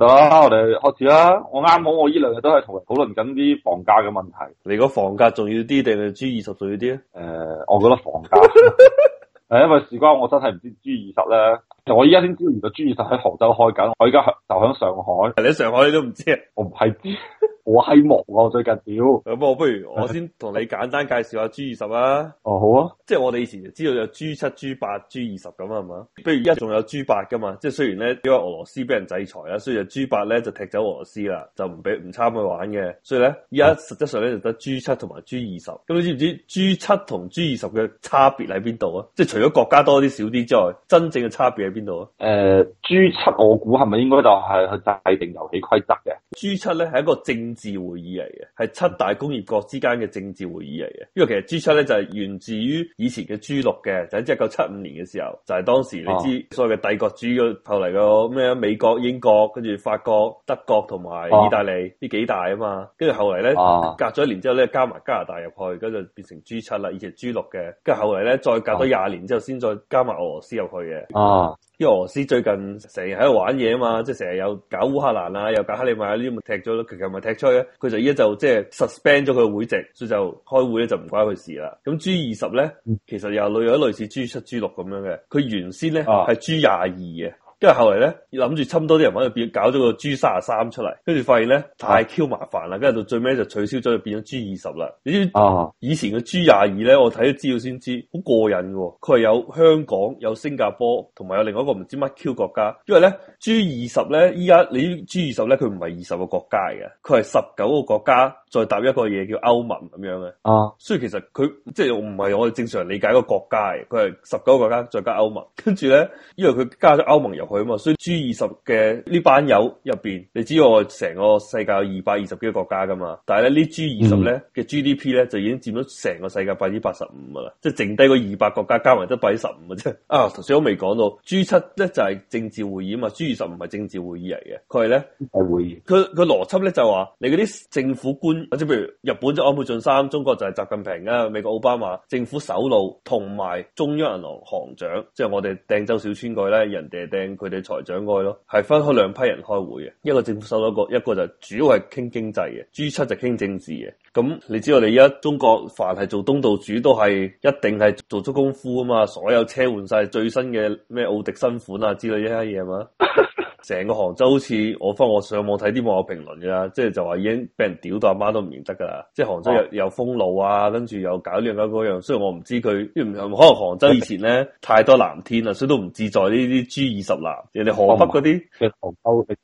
得啦，我哋開始啦。我啱好我依兩日都係同佢討論緊啲房價嘅問題。你個房價仲要啲定係 G20 仲要啲咧？誒、呃，我覺得房價係 因為事關我真係唔知 G20 咧。我依家先知原來 G20 喺杭州開緊，我而家就響上海。喺上海你都唔知？我唔係知。 好希望我、啊、最近屌咁，我、嗯、不如我先同你簡單介紹下 G 二十啊。哦、嗯，好啊。即係我哋以前就知道有 G 七、G 八、G 二十咁啊嘛。譬如而家仲有 G 八噶嘛，即係雖然咧因為俄羅斯俾人制裁啦，所以就 G 八咧就踢走俄羅斯啦，就唔俾唔參去玩嘅。所以咧，而家實質上咧就得 G 七同埋 G 二十。咁你知唔知 G 七同 G 二十嘅差別喺邊度啊？即係除咗國家多啲少啲之外，真正嘅差別喺邊度啊？誒、呃、，G 七我估係咪應該就係去制定遊戲規則嘅？G 七咧，係一個政治會議嚟嘅，係七大工業國之間嘅政治會議嚟嘅。因為其實 G 七咧就係、是、源自於以前嘅 G 六嘅，就喺一九七五年嘅時候，就係、是、當時、啊、你知所謂嘅帝國主義嘅後嚟個咩美國、英國、跟住法國、德國同埋意大利呢、啊、幾大啊嘛，跟住後嚟咧、啊、隔咗一年之後咧加埋加拿大入去，跟住變成 G 七啦，以前 G 六嘅，跟住後嚟咧再隔咗廿年之後先、啊、再加埋俄羅斯入去嘅。啊啊因為俄羅斯最近成日喺度玩嘢啊嘛，即係成日有搞烏克蘭啊，又搞克里米啊，呢啲咪踢咗咯，其實咪踢出去咧。佢就依家就即係 suspend 咗佢嘅會籍，所以就開會咧就唔關佢事啦。咁 G 二十咧，其實又類有類似 G 七、G 六咁樣嘅。佢原先咧係、啊、G 廿二嘅。跟住後嚟咧，諗住侵多啲人喺度變搞咗個 G 三十三出嚟，跟住發現咧太 Q 麻煩啦，跟住到最尾就取消咗，就變咗 G 二十啦。你知啊，uh huh。以前嘅 G 廿二咧，我睇咗資料先知，知，好過癮嘅喎。佢係有香港、有新加坡同埋有另外一個唔知乜 Q 國家。因為咧 G 二十咧，依家你知 G 二十咧，佢唔係二十個國家嘅，佢係十九個國家再搭一個嘢叫歐盟咁樣嘅。啊、uh，huh。所以其實佢即係唔係我哋正常理解個國家嘅，佢係十九個國家再加歐盟。跟住咧，因為佢加咗歐盟入。佢啊嘛，所以 G 二十嘅呢班友入邊，你知道我成個世界有二百二十幾個國家噶嘛，但係咧呢 G 二十咧嘅 GDP 咧就已經佔咗成個世界百分之八十五啊，即係剩低個二百國家加埋得百分之十五嘅啫。啊，頭先我未講到 G 七咧就係政治會議啊嘛，G 二十唔係政治會議嚟嘅，佢係咧係會議。佢佢邏輯咧就話你嗰啲政府官，即係譬如日本就安倍晉三，中國就係習近平啊，美國奧巴馬政府首腦同埋中央銀行行長，即係我哋掟周小川句咧，人哋係掟。佢哋財長愛咯，係分開兩批人開會嘅，一個政府首腦個，一個就主要係傾經濟嘅，G7 就傾政治嘅。咁你知道你而家中國凡係做東道主都係一定係做足功夫啊嘛，所有車換晒最新嘅咩奧迪新款啊之類一啲嘢嘛。 成個杭州好似我翻我上網睇啲網友評論嘅啦，即係就話已經俾人屌到阿媽都唔認得噶啦！即係杭州又又封路啊，跟住又搞呢樣搞嗰樣。雖然我唔知佢，可能杭州以前咧太多藍天啦，所以都唔自在呢啲 G 二十藍。人哋河北嗰啲，杭州嘅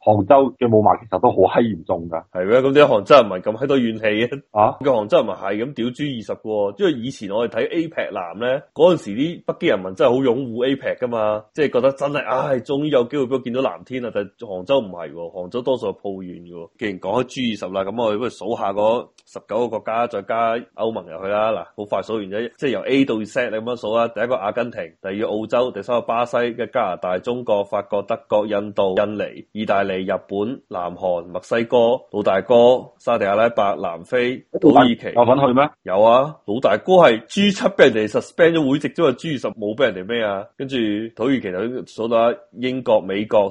杭州嘅霧霾其實都好閪嚴重噶。係咩？咁啲杭州人唔係咁閪多怨氣嘅。啊！嘅杭州人咪係咁屌 G 二十嘅，因為以前我哋睇 APEC 藍咧，嗰陣時啲北京人民真係好擁護 APEC 噶嘛，即係覺得真係唉，終於有機會俾我見到。藍天啊！但杭州唔係喎，杭州多數係抱怨嘅喎、哦。既然講開 G 二十啦，咁我哋不如數下嗰十九個國家，再加歐盟入去啦。嗱，好快數完咗，即係由 A 到 Z 你咁樣數啊？第一個阿根廷，第二個澳洲，第三個巴西嘅加拿大、中國、法國、德國、印度、印尼、意大利、日本、南韓、墨西哥、老大哥、沙地阿拉伯、南非、土耳其，我份去咩？有啊，老大哥係 G 七俾人哋 suspend 咗會籍。咁啊 G 二十冇俾人哋咩啊？跟住土耳其，就數到英國、美國。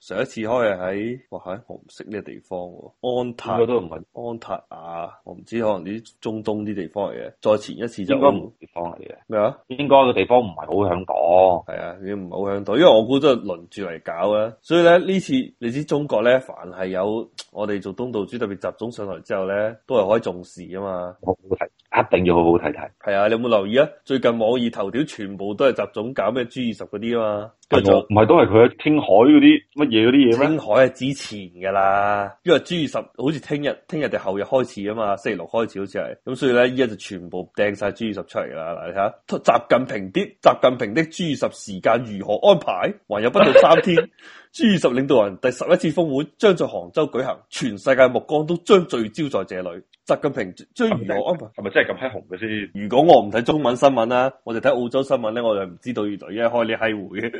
上一次開係喺，哇係，我唔識呢個地方安踏都唔係安踏啊，我唔知可能啲中東啲地方嚟嘅。再前一次就應該唔地方嚟嘅咩啊？應該個地方唔係好想講，係啊，唔好想講。因為我估都係輪住嚟搞啊。所以咧呢次你知中國咧，凡係有我哋做東道主，特別習總上台之後咧，都係可以重視啊嘛，好好睇，一定要好好睇睇。係啊，你有冇留意啊？最近網易頭條全部都係習總搞咩 G 二十嗰啲啊嘛。佢就唔係都係佢喺青海嗰啲乜嘢嗰啲嘢咩？青海係之前噶啦，因為 G 二十好似聽日聽日定後日開始啊嘛，星期六開始好似係，咁所以咧依家就全部掟晒 G 二十出嚟啦。嗱，你睇下，習近平啲習近平的 G 二十時間如何安排？還有不到三天，G 二十領導人第十一次峰會將在杭州舉行，全世界目光都將聚焦在這裏。習近平將如何安排？係咪真係咁閪紅嘅先？如果我唔睇中文新聞啦、啊，我哋睇澳洲新聞咧，我就唔知道原來依家開呢閪會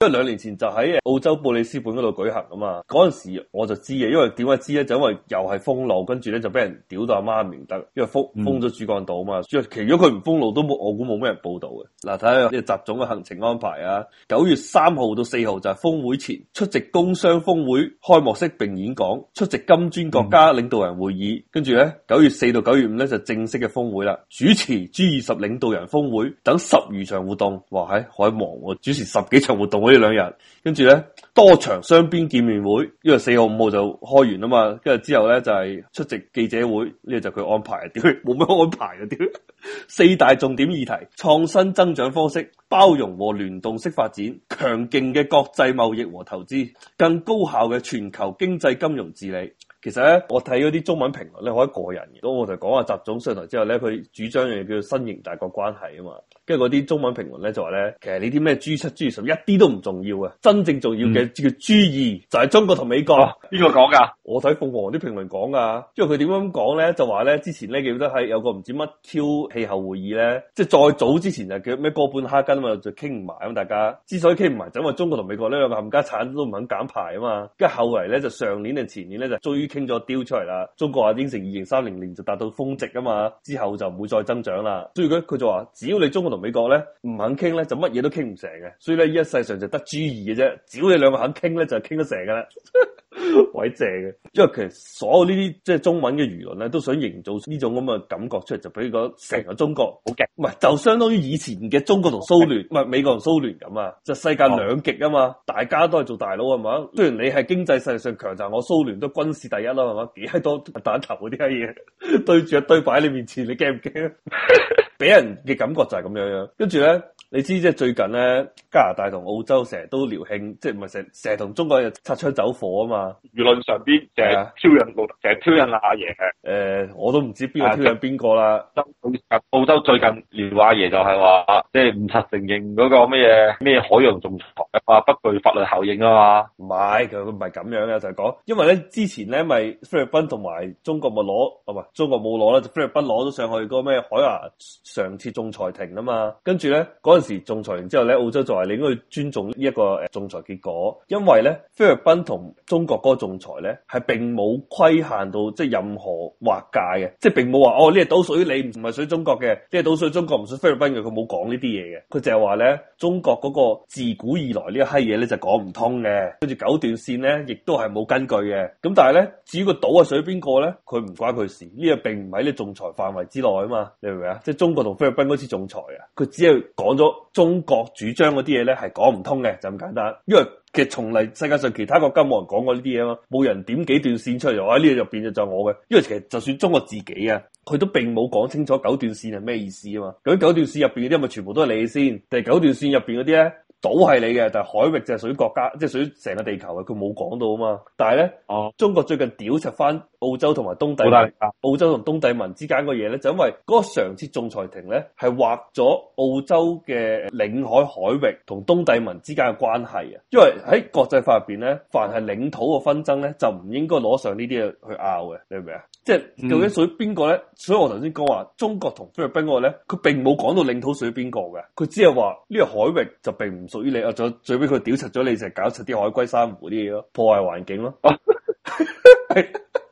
因為兩年前就喺澳洲布里斯本嗰度舉行啊嘛，嗰陣時我就知嘅，因為點解知咧？就因為又係封路，跟住咧就俾人屌到阿媽唔認得，因為封封咗主幹道啊嘛。若係如果佢唔封路，都冇。我估冇咩人報道嘅。嗱，睇下呢個習總嘅行程安排啊，九月三號到四號就係峰會前出席工商峰會開幕式並演講，出席金磚國家領導人會議，嗯、跟住咧九月四到九月五咧就正式嘅峰會啦，主持 G 二十領導人峰會等十餘場活動。哇，喺、哎、好忙喎、啊，主持十幾場活動。呢兩日，跟住咧多場雙邊見面會，因為四號五號就開完啊嘛，跟住之後咧就係出席記者會，呢個就佢安排啊屌，冇乜安排啊屌。四大重點議題：創新增長方式、包容和聯動式發展、強勁嘅國際貿易和投資、更高效嘅全球經濟金融治理。其實咧，我睇嗰啲中文評論咧以過人嘅，咁我就講下習總上台之後咧，佢主張嘅叫新型大國關係啊嘛。跟住嗰啲中文評論咧就話咧，其實你啲咩 G 七、G 十一啲都唔重要啊，真正重要嘅、嗯、叫 G 二，就係、是、中國同美國。邊、啊這個講㗎？我睇鳳凰啲評論講㗎。因為佢點樣講咧，就話咧之前咧記得係有個唔知乜 Q 氣候會議咧，即係再早之前就叫咩哥本哈根啊嘛，就傾唔埋咁大家。之所以傾唔埋，就因為中國同美國呢，兩個冚家產都唔肯減排啊嘛。跟住後嚟咧就上年定前年咧就最。傾咗丟出嚟啦，中國話應承二零三零年就達到峰值啊嘛，之後就唔會再增長啦。所以咧，佢就話，只要你中國同美國咧唔肯傾咧，就乜嘢都傾唔成嘅。所以咧，呢一世上就得 G 二嘅啫，只要你兩個肯傾咧，就傾得成噶啦。 委正嘅，因為其實所有呢啲即係中文嘅輿論咧，都想營造呢種咁嘅感覺出嚟，就比如講，成個中國好勁，唔係就相當於以前嘅中國同蘇聯，唔係美國同蘇聯咁啊，就是、世界兩極啊嘛，大家都係做大佬係嘛，雖然你係經濟勢力上強，但、就、係、是、我蘇聯都軍事第一啦，係嘛，幾閪多彈頭嗰啲閪嘢， 對住一堆擺喺你面前，你驚唔驚？俾 人嘅感覺就係咁樣樣，跟住咧。你知即係最近咧，加拿大同澳洲成日都撩興，即係唔係成成日同中國人擦槍走火啊嘛？輿論上邊成日挑釁，成日挑釁阿阿爺誒，我都唔知邊個挑釁邊個啦。澳、啊、澳洲最近撩阿爺就係話，即係唔實承認嗰個咩嘢咩海洋仲裁啊，不具法律效應啊嘛。唔係，佢唔係咁樣嘅，就係、是、講，因為咧之前咧咪菲律賓同埋中國咪攞，唔係中國冇攞啦，就菲律賓攞咗上去個咩海牙常設仲裁庭啊嘛，跟住咧嗰時仲裁完之後咧，澳洲就話你應該去尊重呢一個誒仲裁結果，因為咧菲律賓同中國嗰個仲裁咧係並冇規限到即係任何劃界嘅，即係並冇話哦呢個島屬於你唔係屬於中國嘅，呢個島屬於中國唔屬於菲律賓嘅，佢冇講呢啲嘢嘅，佢就係話咧中國嗰個自古以來呢一閪嘢咧就講唔通嘅，跟住九段線咧亦都係冇根據嘅，咁但係咧至於個島係屬於邊個咧，佢唔關佢事，呢個並唔喺你仲裁範圍之內啊嘛，你明唔明啊？即係中國同菲律賓嗰次仲裁啊，佢只係講咗。中國主張嗰啲嘢咧係講唔通嘅，就咁簡單。因為其實從嚟世界上其他國家冇人講過呢啲嘢嘛，冇人點幾段線出嚟話呢嘢就變，哎這個，就就係我嘅。因為其實就算中國自己啊，佢都並冇講清楚九段線係咩意思啊嘛。咁九段線入邊嗰啲係咪全部都係你先，定係九段線入邊嗰啲咧。島係你嘅，但係海域就係屬於國家，即係屬於成個地球嘅，佢冇講到啊嘛。但係咧，啊、中國最近屌柒翻澳洲同埋東帝啊，澳洲同東帝汶之間個嘢咧，就因為嗰個常設仲裁庭咧係劃咗澳洲嘅領海海域同東帝汶之間嘅關係啊。因為喺國際法入邊咧，凡係領土個紛爭咧，就唔應該攞上呢啲嘢去拗嘅，你明唔明啊？即係究竟屬於邊個咧？嗯、所以我頭先講話中國同菲律賓嗰個咧，佢並冇講到領土屬於邊個嘅，佢只係話呢個海域就並唔。屬於你，啊，最最尾佢屌柒咗你，就係、搞柒啲海龜、珊瑚啲嘢咯，破壞環境咯.。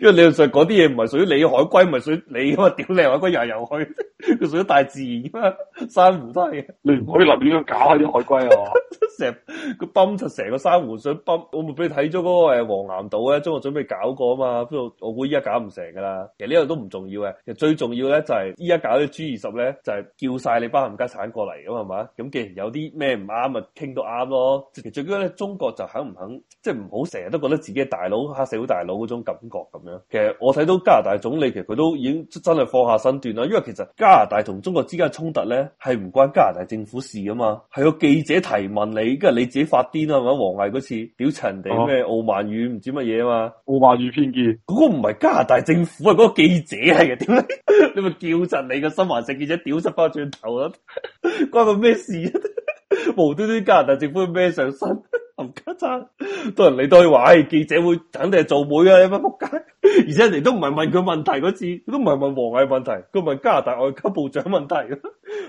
因為你又食嗰啲嘢，唔係屬於你海龜，唔係屬你噶嘛？屌你海龜游游去，佢屬於大自然噶嘛？珊瑚都係。你唔可以立亂咁搞下啲海龜啊！成 個泵就成個珊瑚水泵，我咪俾你睇咗嗰個誒黃岩島咧，中國準備搞過啊嘛？不過我估依家搞唔成噶啦。其實呢個都唔重要嘅，其實最重要咧就係依家搞啲 G 二十咧，就係、是、叫晒你班冚家產過嚟噶嘛？咁既然有啲咩唔啱，咪傾到啱咯。其實最緊要咧，中國就肯唔肯，即係唔好成日都覺得自己係大佬黑社會大佬嗰種感覺。其實我睇到加拿大總理其實佢都已經真係放下身段啦，因為其實加拿大同中國之間嘅衝突咧係唔關加拿大政府事噶嘛，係個記者提問你，跟住你自己發癲啊，嘛？王毅嗰次屌陳人哋咩傲慢與唔知乜嘢啊嘛，傲慢與偏見，嗰個唔係加拿大政府啊，嗰個記者係嘅，點你咪叫陣你個新華社記者屌七翻轉頭啊，關個咩事啊，無端端加拿大政府咩上身，冚家鏟人嚟到去話，記者會肯定係做媒啊，你乜仆街？而且人哋都唔係問佢問題嗰次，佢都唔係問王毅問題，佢問加拿大外交部長問題。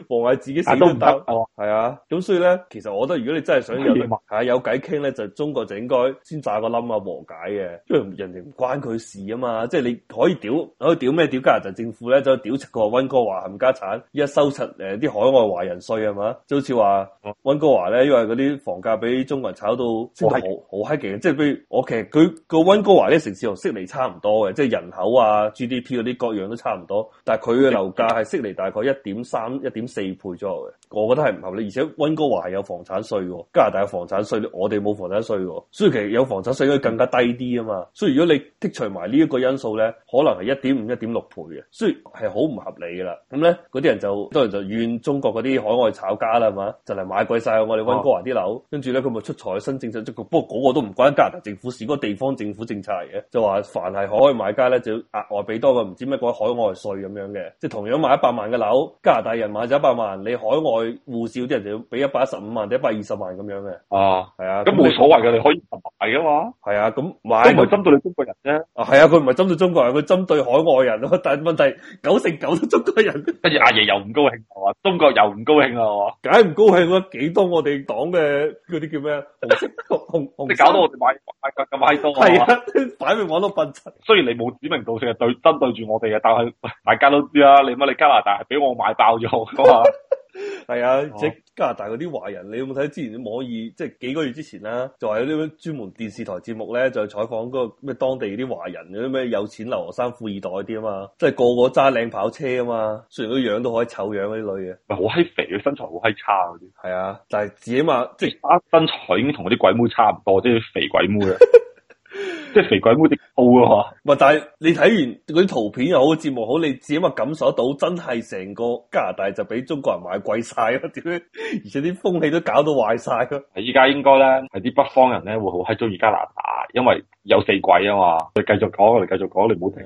王偉自己死都唔得，係、哦、啊，咁所以咧，其實我覺得如果你真係想有係啊有偈傾咧，就是、中國就應該先炸個冧啊和解嘅，因為人哋唔關佢事啊嘛，即、就、係、是、你可以屌可以屌咩屌加拿大政府咧就屌七個溫哥華冚家產，一收七誒啲海外華人稅係、啊、嘛，就好似話溫哥華咧，因為嗰啲房價俾中國人炒到好好嗨勁，即係譬如我其實佢個溫哥華咧城市同悉尼差唔多嘅，即係人口啊 GDP 嗰啲各樣都差唔多，但係佢嘅樓價係悉尼大概一點三點四倍左右嘅，我覺得係唔合理。而且温哥華係有房產稅嘅，加拿大有房產稅，我哋冇房產稅喎。所以其實有房產稅應該更加低啲啊嘛。所以如果你剔除埋呢一個因素咧，可能係一點五、一點六倍嘅，所以係好唔合理噶啦。咁咧，嗰啲人就當然就怨中國嗰啲海外炒家啦，係嘛？就嚟買貴晒我哋温哥華啲樓，跟住咧佢咪出財新政策積極。不過嗰個都唔關加拿大政府事，嗰個地方政府政策嚟嘅，就話凡係海外買家咧，就要額外俾多個唔知咩嗰啲海外稅咁樣嘅，即係同樣買一百萬嘅樓，加拿大人買。或者一百萬，你海外護照啲人就要俾一百一十五萬定一百二十萬咁樣嘅。啊，係啊的，咁冇、嗯、所謂嘅，你可以。係啊嘛，係啊，咁買，佢唔係針對你中國人啫，啊係啊，佢唔係針對中國人，佢針對海外人咯。但係問題九成九都中國人，跟住阿爺又唔高興，係嘛，中國又唔高興啊，係嘛，梗係唔高興啦，幾多我哋黨嘅嗰啲叫咩啊？紅紅，你搞到我哋買買咁買多，係啊，擺明玩到笨柒。雖然你冇指名道姓對針對住我哋啊，但係大家都知啊，你乜你加拿大係俾我買爆咗，我話。係啊，哦、即加拿大嗰啲華人，你有冇睇之前啲可以，即幾個月之前啦，就係有啲咁專門電視台節目咧，就採訪嗰個咩當地啲華人嗰啲咩有錢留學生富二代啲啊嘛，即個個揸靚跑車啊嘛，雖然個樣都可以醜樣嗰啲女嘅，唔好閪肥，身材好閪差嗰啲。係啊，但係自啊嘛，即身材已經同嗰啲鬼妹差唔多，即、就是、肥鬼妹啦。 即係肥鬼妹啲傲啊！嘛，唔係，但係你睇完嗰啲圖片又好，節目好，你自己啊感受得到，真係成個加拿大就俾中國人買貴晒啊。點解？而且啲風氣都搞到壞晒咯。係依家應該咧，係啲北方人咧會好喺中意加拿大，因為有四季啊嘛。我哋繼續講，我哋繼續講，你唔好停。